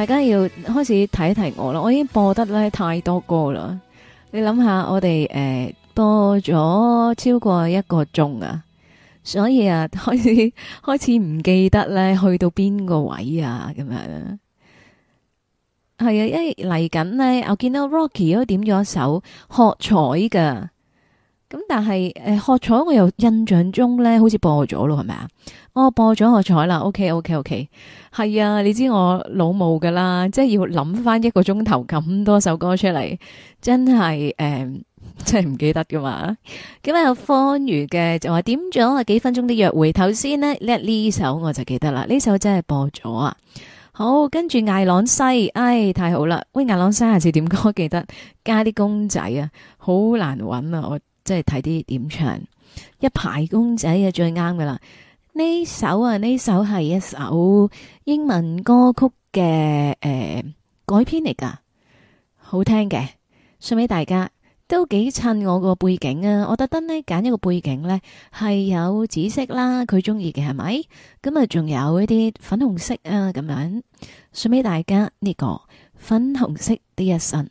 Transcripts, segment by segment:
大家要開始睇一睇我啦，我已經播得咧太多歌啦。你諗下，我哋誒、呃、播咗超過一個鐘啊，所以啊開始開始唔記得咧去到邊個位啊咁樣。係啊，因為嚟緊咧，我見到 Rocky 都點咗一首喝彩噶。咁但係誒，喝彩我又印象中咧，好似播咗咯，係咪啊？我、哦、播咗喝彩啦。O K O K O K，係啊，你知我老母噶啦，即係要諗翻一個鐘頭咁多首歌出嚟，真係誒、欸，真係唔記得噶嘛。咁啊，方如嘅就話點咗啊，幾分鐘啲約會頭先呢呢首我就記得啦。呢首真係播咗啊。好，跟住艾朗西，哎，太好啦。喂，艾朗西下次點歌記得加啲公仔啊，好難揾啊，我。即係睇啲點唱，一排公仔就最啱嘅啦。呢首啊，呢首係一首英文歌曲嘅誒、欸、改編嚟噶，好聽嘅。送俾大家都幾襯我個背景啊！我特登呢揀一個背景呢，係有紫色啦，佢中意嘅係咪？咁啊仲有一啲粉紅色啊，咁樣送俾大家呢、這個粉紅色的一生。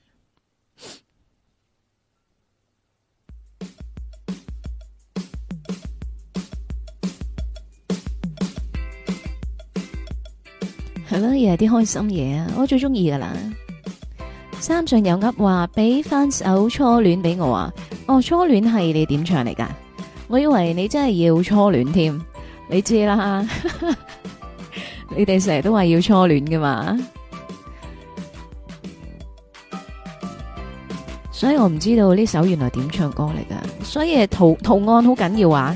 啦，又係啲開心嘢啊！我最中意噶啦。三上有鴨話俾翻首初戀俾我啊！哦，初戀係你點唱嚟噶？我以為你真係要初戀添，你知啦。你哋成日都話要初戀噶嘛？所以我唔知道呢首原來點唱歌嚟噶。所以圖圖案好緊要啊！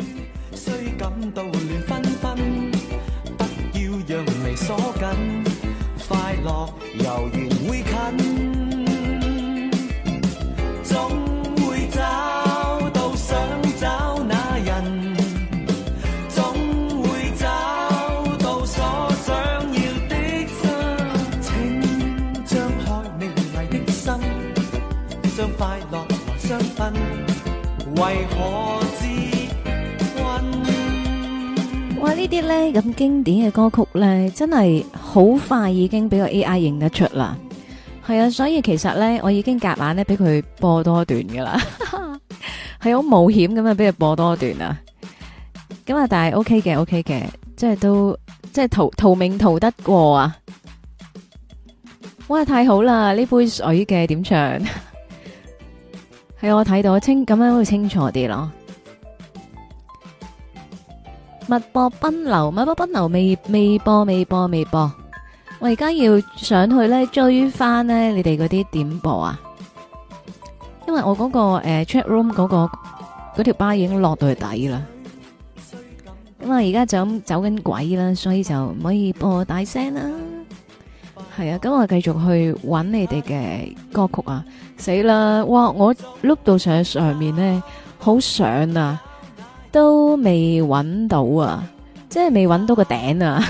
哇！這些呢啲咧咁經典嘅歌曲咧，真係好快已經俾個 AI 認得出啦。係啊，所以其實咧我已經夾硬咧俾佢播多段噶啦，係 好冒險咁啊俾佢播多段啊。咁啊，但係 OK 嘅，OK 嘅，即係都即係逃逃命逃得過啊！哇，太好啦！呢杯水嘅點唱？係我睇到，清咁樣會清楚啲咯。密波奔流，密波奔流未，微微播，微播，微播。我而家要上去咧追翻呢，你哋嗰啲點播啊，因為我嗰、那個誒、呃、chat room 嗰、那個嗰條巴已經落到去底啦。咁、嗯、我而家就咁走緊鬼啦，所以就唔可以播大聲啦。係啊，咁我繼續去揾你哋嘅歌曲啊。死啦！哇，我碌到上上面呢，好想啊，都未搵到啊，即係未搵到個頂啊！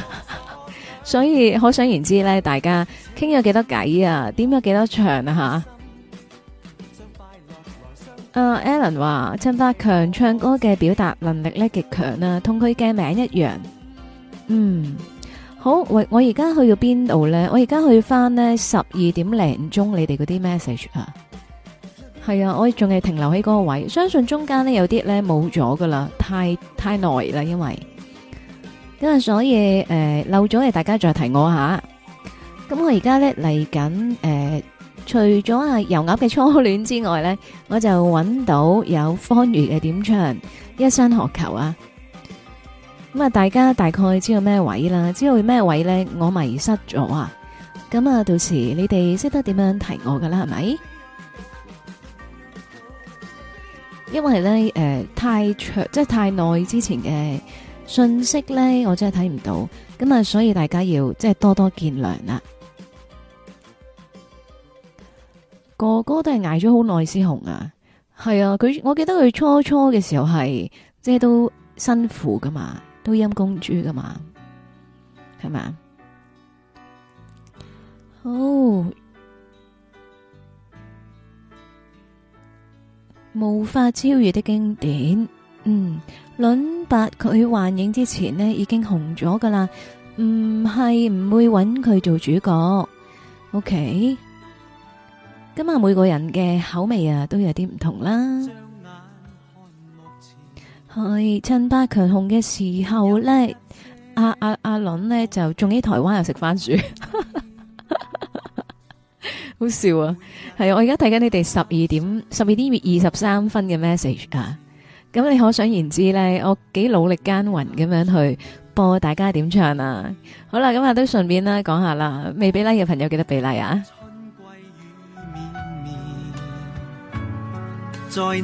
所以可想而知咧，大家傾咗幾多偈啊，點咗幾多場啊吓，啊？Alan 話陳百強唱歌嘅表達能力咧極強啊，同佢嘅名一樣，嗯。好，我我而家去到邊度咧？我而家去翻咧十二點零鐘，你哋嗰啲 message 啊，係啊，我仲係停留喺嗰個位，相信中間咧有啲咧冇咗噶啦，太太耐啦，因為因為，所以誒、呃、漏咗嘅，大家再提我下。咁我而家咧嚟緊誒，除咗阿油鴨嘅初戀之外咧，我就揾到有方月嘅點唱，一生何求啊！咁啊！大家大概知道咩位啦？知道咩位咧？我迷失咗啊！咁啊，到時你哋識得點樣提我噶啦？係咪？因為咧，誒、呃，太長即係太耐之前嘅信息咧，我真係睇唔到。咁啊，所以大家要即係多多見諒啦。哥哥都係挨咗好耐先紅啊，係啊。佢我記得佢初初嘅時候係即係都辛苦噶嘛。都陰公主噶嘛，係嘛？好，oh，無法超越的經典。嗯，《倫伯佢幻影》之前已經紅咗噶啦，唔係唔會揾佢做主角。OK，今日每個人嘅口味啊都有啲唔同啦。係趁百強紅嘅時候咧、啊啊，阿阿阿倫就仲喺台灣又食番薯， 好笑啊！係啊，我而家睇緊你哋十二點十二點二十三分嘅 message 啊！咁你可想而知咧，我幾努力耕耘咁樣去播大家點唱啊！好啦，咁啊都順便啦講下啦，未俾禮嘅朋友記得俾禮啊！春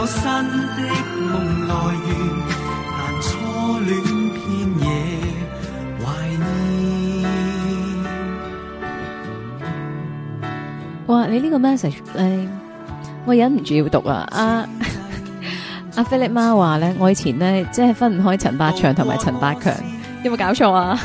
有新的夢來源戀片懷念哇！你呢個 message、哎、我忍唔住要讀啊！阿阿菲力媽話咧，我以前呢，即係分唔開陳百祥同埋陳百強，有冇搞錯啊？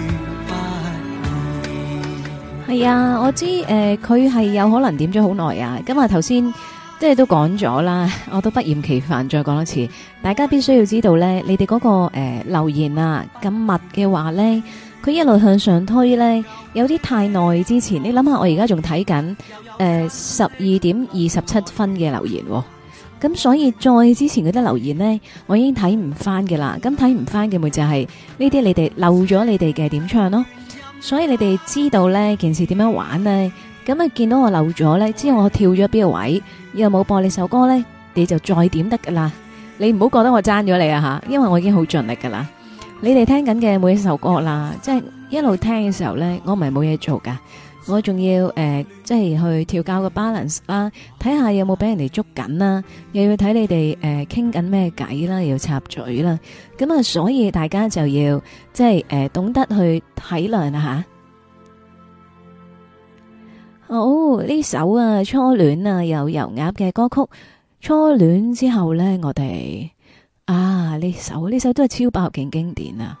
係、哎、啊，我知誒，佢、呃、係有可能點咗好耐啊。咁、嗯、啊，頭先即係都講咗啦，我都不厭其煩再講多次，大家必須要知道呢，你哋嗰、那個誒、呃、留言啊咁密嘅話呢，佢一路向上推呢，有啲太耐之前，你諗下我而家仲睇緊誒十二點二十七分嘅留言，咁所以再之前嗰啲留言呢，我已經睇唔翻嘅啦。咁睇唔翻嘅咪就係呢啲你哋漏咗你哋嘅點唱咯。所以你哋知道呢件事點樣玩呢？咁啊見到我漏咗呢，知道我跳咗邊個位，又冇播你首歌呢，你就再點得噶啦。你唔好覺得我爭咗你啊吓，因為我已經好盡力噶啦。你哋聽緊嘅每一首歌啦，即係一路聽嘅時候呢，我唔係冇嘢做噶。我仲要誒、呃，即係去調教個 balance 啦，睇下有冇俾人哋捉緊啦，又要睇你哋誒傾緊咩偈啦，又要插嘴啦，咁啊，所以大家就要即係誒、呃、懂得去體諒下。好、oh, 呢首啊，初戀啊，又油鴨嘅歌曲。初戀之後咧，我哋啊呢首呢首都係超爆勁經典啊！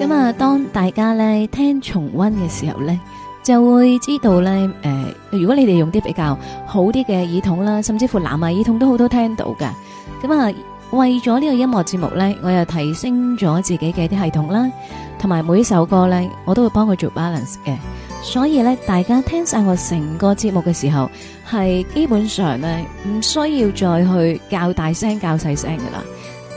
咁啊，當大家咧聽重溫嘅時候咧，就會知道咧，誒，如果你哋用啲比較好啲嘅耳筒啦，甚至乎藍牙耳筒都好多聽到㗎。咁啊，為咗呢個音樂節目咧，我又提升咗自己嘅啲系統啦，同埋每一首歌咧，我都會幫佢做 balance 嘅。所以咧，大家聽晒我成個節目嘅時候，係基本上咧唔需要再去較大聲較細聲噶啦。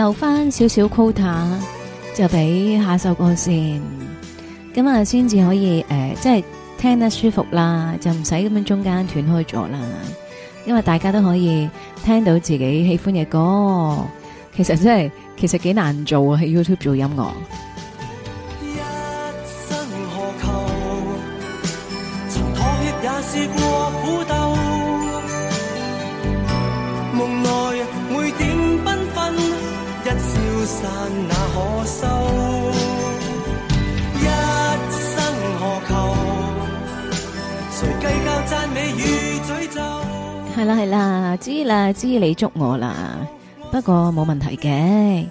留翻少少 quota 就俾下首歌先，咁啊先至可以誒，即、呃、係聽得舒服啦，就唔使咁樣中間斷開咗啦，因為大家都可以聽到自己喜歡嘅歌。其實真係，其實幾難做喺 YouTube 做音樂。一生何求山那何修，一生何求，誰計較讚美與詛咒。係啦係啦，知啦知，你捉我啦，不過冇問題嘅。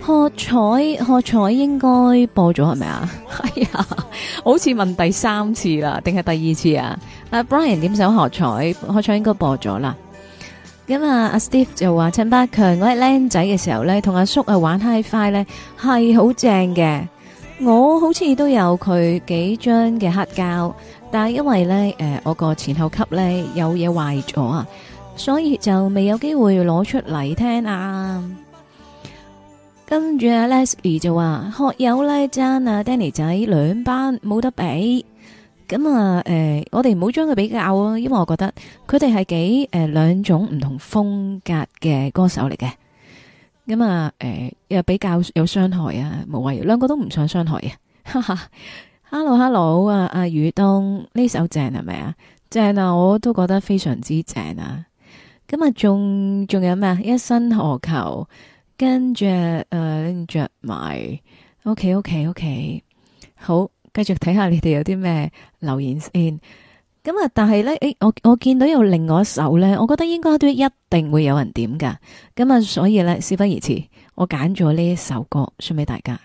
喝彩，喝彩應該播咗係咪啊？哎呀， 好似問第三次啦，定係第二次啊？阿 Brian 點想喝彩？喝彩應該播咗啦。咁啊，阿 Steve 就話陳百強嗰係靚仔嘅時候咧，同阿叔啊，玩 hi-fi 咧，係好正嘅。我好似都有佢幾張嘅黑膠，但係因為咧誒我個前後級咧有嘢壞咗啊，所以就未有機會攞出嚟聽啊。 跟住啊 Leslie 就話學友賴讚啊 Danny 仔兩班冇得比。咁、嗯、啊，誒、嗯，我哋唔好將佢比較啊，因為我覺得佢哋係幾誒兩、嗯、種唔同風格嘅歌手嚟嘅。咁、嗯、啊，誒、嗯嗯，又比較有傷害啊，無謂，兩個都唔想傷害啊。哈，hello，hello，啊，阿宇東呢首正係咪啊？正啊，我都覺得非常之正啊。咁、嗯、啊，仲仲有咩？一生何求？跟住誒、呃，着埋。OK，OK，OK，okay, okay, okay. 好。繼續睇下你哋有啲咩留言先，咁啊！但係咧，誒，我我見到有另外一首咧，我覺得應該都一定會有人點噶，咁啊，所以咧，事不宜遲，我揀咗呢一首歌送俾大家。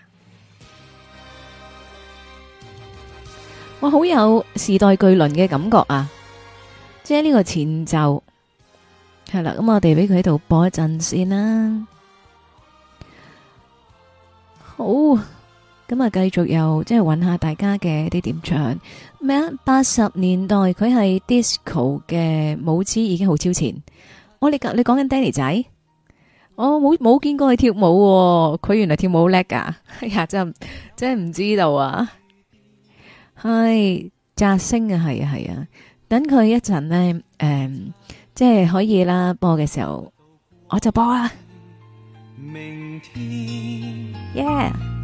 我好有時代巨輪嘅感覺啊！即係呢個前奏係啦，咁我哋俾佢喺度播一陣先啦。好。咁啊，繼續又即係揾下大家嘅啲點唱咩？八十年代佢係 disco 嘅舞姿已經好超前。我你講你講緊 Danny 仔，我冇冇見過佢跳舞，佢原嚟跳舞好叻噶，呀真真係唔知道啊！係摘星啊，係啊係啊，等佢一陣呢，誒，即係可以啦，播嘅時候我就播啦。明天 Yeah。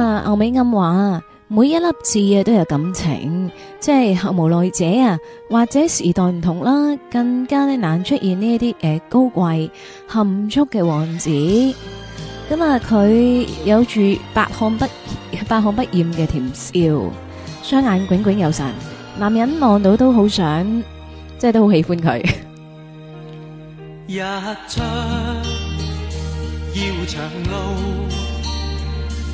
阿歐美暗話，每一粒字啊都有感情，即係後無來者啊，或者時代唔同啦，更加咧難出現呢一啲誒高貴含蓄嘅王子。咁啊，佢有住百看不百看不厭嘅甜笑，雙眼炯炯有神，男人望到都好想，即係都好喜歡佢。日出要長路。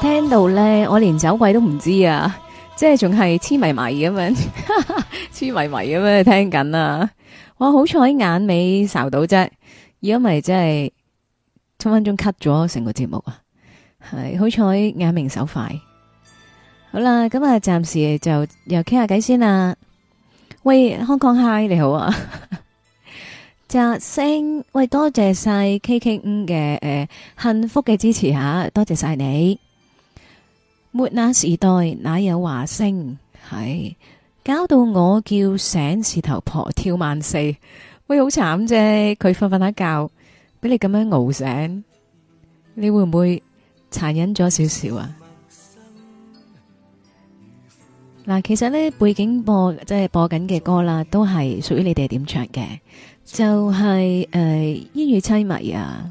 聽到咧，我連走鬼都唔知啊！即係仲係痴迷迷咁樣，痴迷迷咁樣聽緊啊！哇，好彩眼尾受到啫，如果唔係真係分分鐘 cut 咗成個節目啊！係好彩眼明手快，好啦，咁啊，暫時就又傾下偈先啦。喂，康康 hi 你好啊！扎 聲喂，多謝晒 K K M 嘅誒，幸福嘅支持吓，啊，多謝晒你。沒那時代，哪有華聲？係搞到我叫醒事頭婆跳萬四，喂，好慘啫！佢瞓瞓下覺，俾你咁樣熬醒，你會唔會殘忍咗少少啊？嗱，其實呢背景播即係播緊嘅歌啦，都係屬於你哋點唱嘅，就係誒煙雨淒迷啊，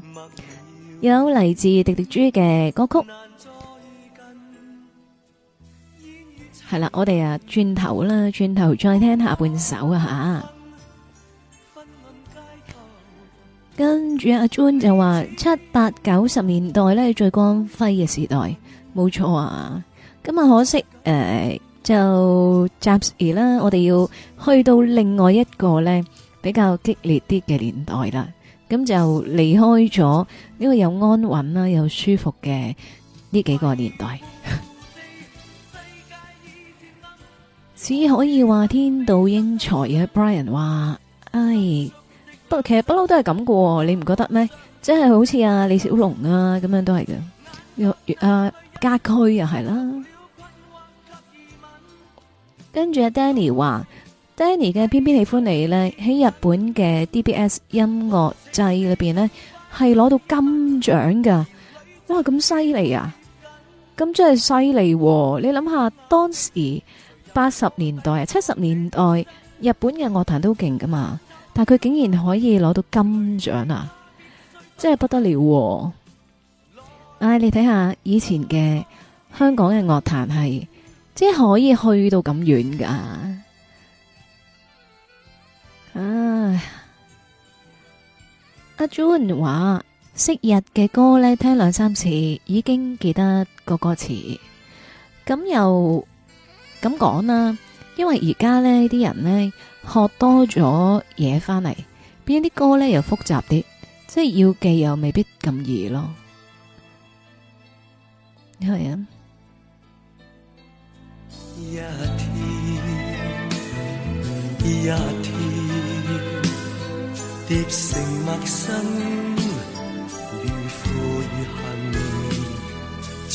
有嚟自迪迪豬嘅歌曲。係啦，我哋啊轉頭啦，轉頭再聽下半首下啊吓。跟住阿、啊、Jun 就話七八九十年代咧最光輝嘅時代，冇錯啊。咁啊可惜誒、呃、就 Jazz 啦，我哋要去到另外一個咧比較激烈啲嘅年代啦。咁就離開咗呢個又安穩啦又舒服嘅呢幾個年代。只可以話天妒英才啊！Brian 話，唉，不過其實不嬲都係咁嘅，你唔覺得咩？即係好似阿李小龍啊咁樣都係嘅，啊家駒又係啦。跟住阿 Danny 話 ，Danny 嘅偏偏喜歡你咧，喺日本嘅 D B S 音樂祭裏邊呢，係攞到金獎噶。哇，咁犀利啊！咁真係犀利。你諗下當時。八十年代啊，七十年代日本嘅樂壇都勁噶嘛，但係佢竟然可以攞到金獎啊，真係不得了啊！唉、哎，你睇下以前嘅香港嘅樂壇係，即係可以去到咁遠噶。啊，阿 John 話昔日嘅歌呢，聽兩三次已經記得個歌詞，咁又。咁講啦，因為而家呢啲人呢學多咗嘢返嚟，邊啲歌呢又複雜啲，即係要記又未必咁易咯。係啊。一天一天疊成陌生，如悔恨，終。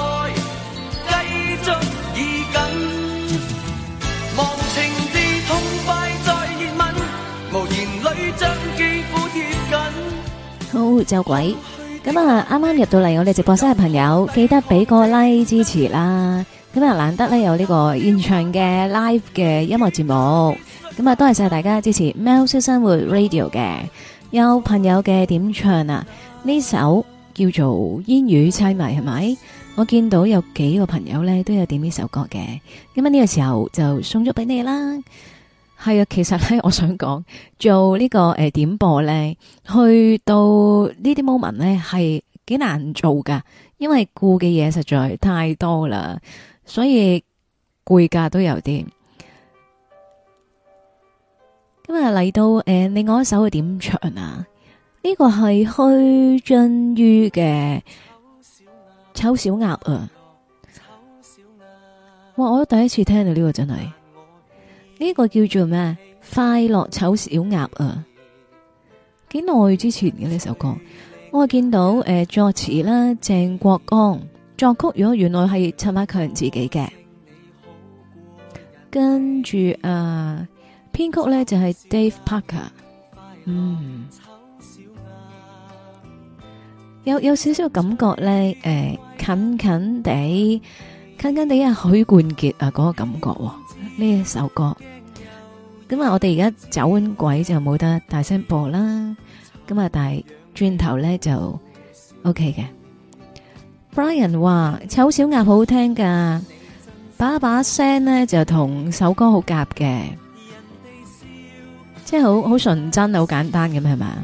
情痛快，再熱吻，無言裏將肌膚貼緊。好走鬼，咁啊啱啱入到嚟我哋直播室嘅朋友，記得俾個 like 支持啦！咁啊難得咧有呢個現場嘅 live 嘅音樂節目，咁啊多謝晒大家支持喵式生活 radio 嘅，有朋友嘅點唱啊，呢首叫做《煙雨淒迷》，係咪？我見到有幾個朋友咧都有點呢首歌嘅，咁呢個時候就送咗俾你啦。係啊，其實咧我想講做呢、這個誒、呃、點播咧，去到呢啲 moment 咧係幾難做噶，因為顧嘅嘢實在太多啦，所以攰噶都有啲。咁啊嚟到誒、呃、另外一首會點唱啊？呢、這個係虛進于嘅。醜小鴨啊！哇，我都第一次聽到呢、這個真係，呢、這個叫做咩？快樂醜小鴨啊！幾耐之前嘅呢首歌，我見到誒作詞啦鄭國江作曲如果原來係陳百強自己嘅。跟住啊，編、呃、曲咧就係、是、Dave Parker。嗯。有有少少感覺咧，誒，近近地，近近地啊，許冠傑啊，嗰個感覺，呢一首歌。咁啊，我哋而家走完鬼就冇得大聲播啦。咁啊，大轉頭咧就 OK 嘅。Brian 話醜小鴨好好聽噶，把把聲咧就同首歌好夾嘅，即係好好純真、好簡單咁，係咪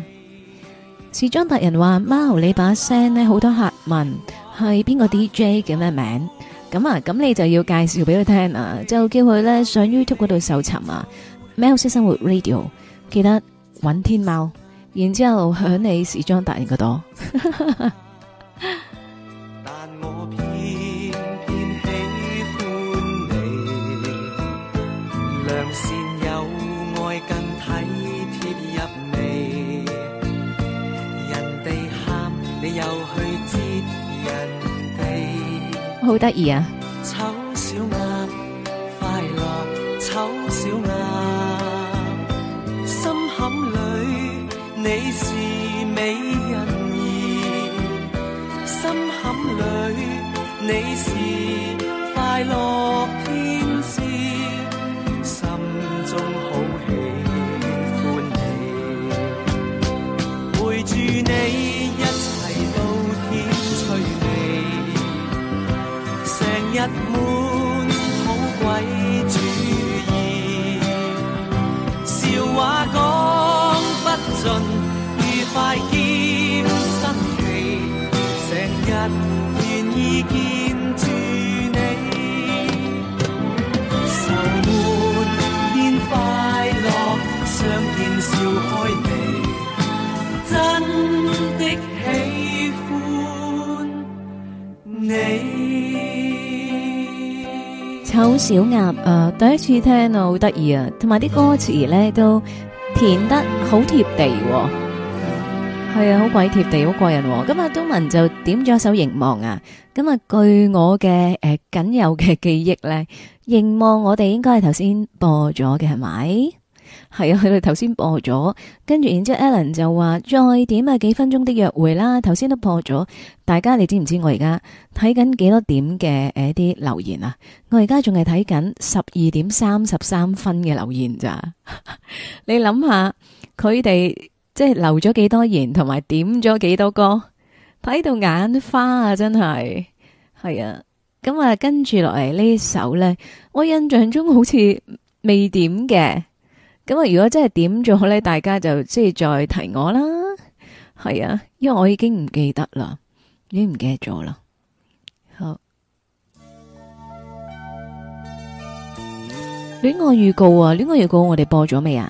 時裝達人話：貓，你把聲咧好多客問係邊個 DJ 嘅咩名？咁啊，咁你就要介紹俾佢聽啊，就叫佢咧上 YouTube 嗰度搜尋啊，喵式生活 Radio，記得搵天貓，然之後響你時裝達人嗰度。 但我偏偏喜歡你好得意啊！醜小鴨，誒、呃，第一次聽到好得意啊，同埋啲歌詞咧都填得好貼地，係、哦、啊，好鬼貼地，好過癮。咁啊，東文就點咗首《凝望》啊，咁啊，據我嘅誒僅有嘅記憶咧，《凝望》我哋應該係頭先播咗嘅，係咪？係啊，佢哋頭先播咗，跟住然之後 Ellen 就話再點啊幾分鐘的約會啦。頭先都播咗，大家你知唔知我而家睇緊幾多點嘅誒啲留言啊？我而家仲係睇緊十二點三十三分嘅留言咋？ 你諗下佢哋即係留咗幾多言，同埋點咗幾多歌，睇到眼花啊！真係係啊。咁、嗯、啊，跟住落嚟呢首呢，我印象中好似未點嘅。咁啊！如果真係點咗咧，大家就即係再提我啦。係啊，因為我已經唔記得啦，已經唔記得咗啦。好，戀愛預告啊！戀愛預告我，我哋播咗未啊？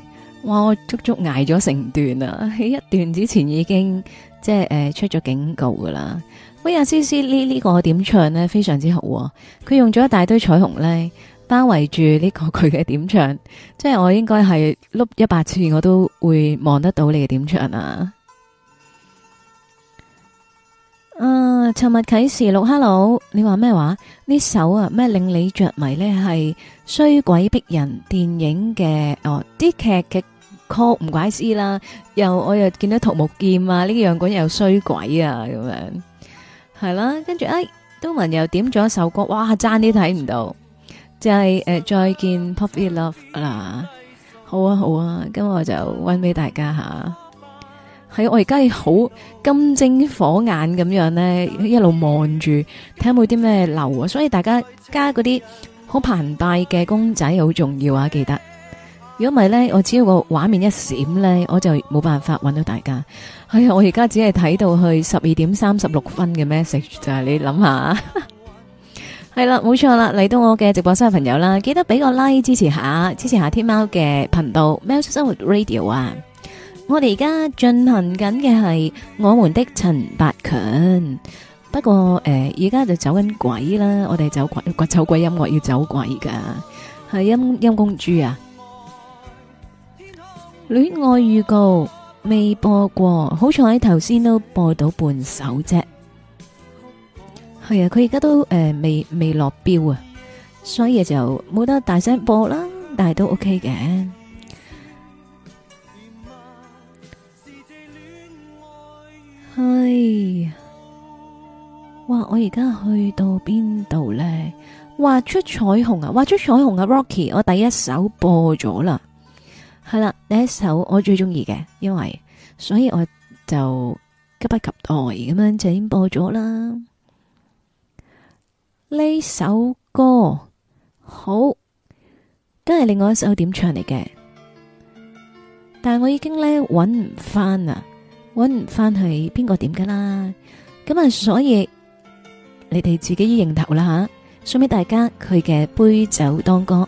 哇！我足足捱咗成段啦，喺一段之前已經即係誒、呃、出咗警告噶啦。威阿詩詩，呢、啊、呢、呢個點、呢個、唱呢，非常之好，哦，佢用咗一大堆彩虹咧包圍住呢、呢個佢嘅點唱，即係我應該係碌一百次我都會望得到你嘅點唱啊！啊，尋日啟示錄，hello，你話咩話？呢首啊咩令你着迷呢？係《衰鬼逼人》電影嘅哦，啲劇嘅。call 唔怪事啦，又我又見到桃木劍啊，呢樣館又衰鬼啊，咁樣係啦，跟住誒，都文又點咗一首歌，哇，差啲睇唔到，即係誒再見 puppy love 啦、啊，好啊好啊，咁我就溫俾大家吓，係、啊、我而家係好金睛火眼咁樣咧，一路望住睇下冇啲咩流，啊。所以大家加嗰啲好龐大嘅公仔好重要啊，記得。如果唔係咧，我只要個畫面一閃咧，我就冇辦法揾到大家。係啊，我而家只係睇到去十二點三十六分嘅 message，就係、是、你諗下。係 啦，冇錯啦，嚟到我嘅直播室嘅朋友啦，記得俾個 like 支持一下，支持下天貓嘅頻道喵式生活 Radio 啊。我哋而家進行緊嘅係我們的陳百強，不過誒、而、呃、家就走緊鬼啦。我哋走鬼，走鬼音樂要走鬼噶，係陰陰公豬啊！戀愛預告未播過，好彩頭先都播到半首啫。係啊，佢而家都誒未未落標啊，所以就冇得大聲播啦。但係都 OK 嘅。係，哇！我而家去到邊度咧？畫出彩虹啊！畫出彩虹啊！Rocky，我第一首播咗啦。係啦，第一首我最中意嘅，因為所以我就急不及待咁樣就已經播咗啦。呢首歌好，都係另外一首點唱嚟嘅，但係我已經咧揾唔翻啊，揾唔翻係邊個點噶啦。咁啊，所以你哋自己要認頭啦吓，送俾大家佢嘅對酒當歌。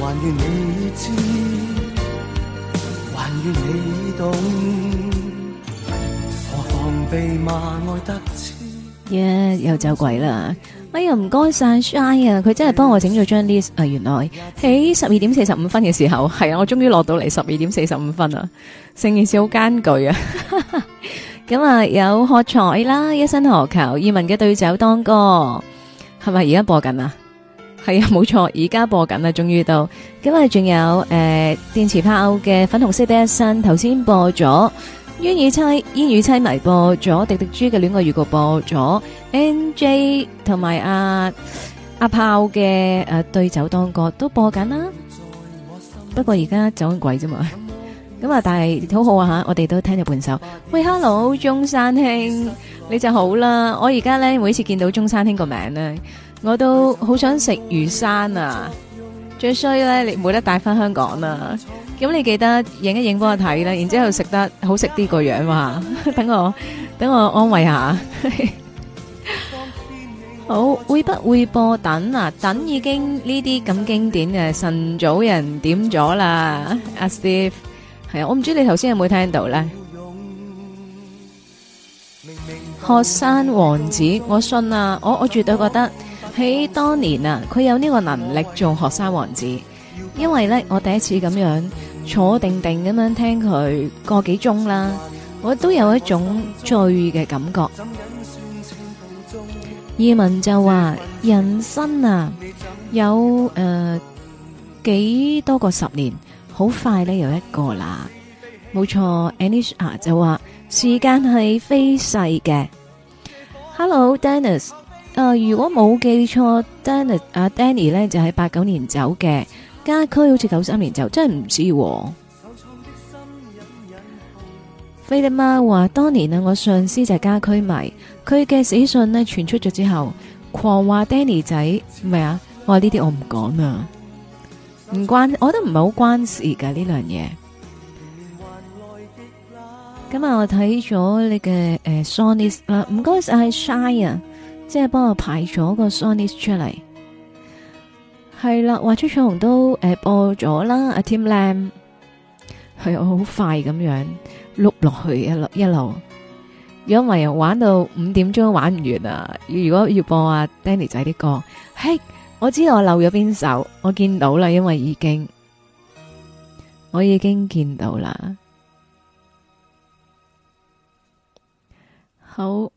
還願你知，還願你懂。何妨被罵愛得癡耶、yeah, 又走鬼啦！哎呀，唔該晒 Shy 啊，佢真係幫我整咗張 list 啊。原來喺十二點四十五分嘅時候，係啊，我終於落到嚟十二點四十五分啊。成件事好艱巨啊！咁啊，有喝彩啦，一生何求？二汶嘅對酒當歌，係咪而家播緊啊？係啊，冇錯，而家播緊啊，終於到。咁啊，仲有誒電磁炮嘅粉紅色的一生，頭先播咗煙雨淒，煙雨淒迷播咗，迪迪豬嘅戀愛預告播咗，N J 同埋阿阿炮嘅誒、啊、對酒當歌都播緊啦。不過而家走鬼啫嘛，咁 啊，但係好好啊吓，我哋都聽咗半首。喂，hello 中山兄，你就好啦。我而家咧每次見到中山兄個名咧。我都好想食魚生啊！最衰咧，你冇得帶翻香港啦。咁你記得影一影幫我睇啦，然之後食得好食啲個樣嘛？等我等我安慰下。好，會不會播等啊？等已經呢啲咁經典嘅晨早人點咗啦。阿 Steve，係啊，我唔知你頭先有冇聽到咧。學生王子，我信啊！我我絕對覺得。喺當年啊，佢有呢個能力做學生王子，因為咧我第一次咁樣坐定定咁樣聽佢個幾鐘啦，我都有一種醉嘅感覺。葉文就話：人生啊，有誒、呃、幾多個十年，好快咧，有一個啦。冇錯，Anish 就話：時間係飛逝嘅。Hello，Dennis。如果冇記錯，Danny 阿 Danny 咧就喺八九年走嘅，家駒好似九三年走，真係唔知道。菲 利瑪話當年啊，我上司就係家駒迷，佢嘅死訊咧傳出咗之後，狂話 Danny 仔，咩啊？這些我話呢啲我唔講啊，唔關，我覺得唔係好關事噶呢樣嘢。咁、呃、啊，我睇咗你嘅誒 Sonny 啦，唔該晒 s h i n 即係幫我排咗個 Sonny 出嚟，係、欸、啦，畫出彩虹都誒播咗啦，阿 Tim Lam，靚係好快咁樣碌落去一一路，因為又玩到五點鐘玩唔完啊！如果要播阿、啊、Danny 仔啲歌，嘿，我知道我漏咗邊首，我見到啦，因為已經我已經見到啦，好。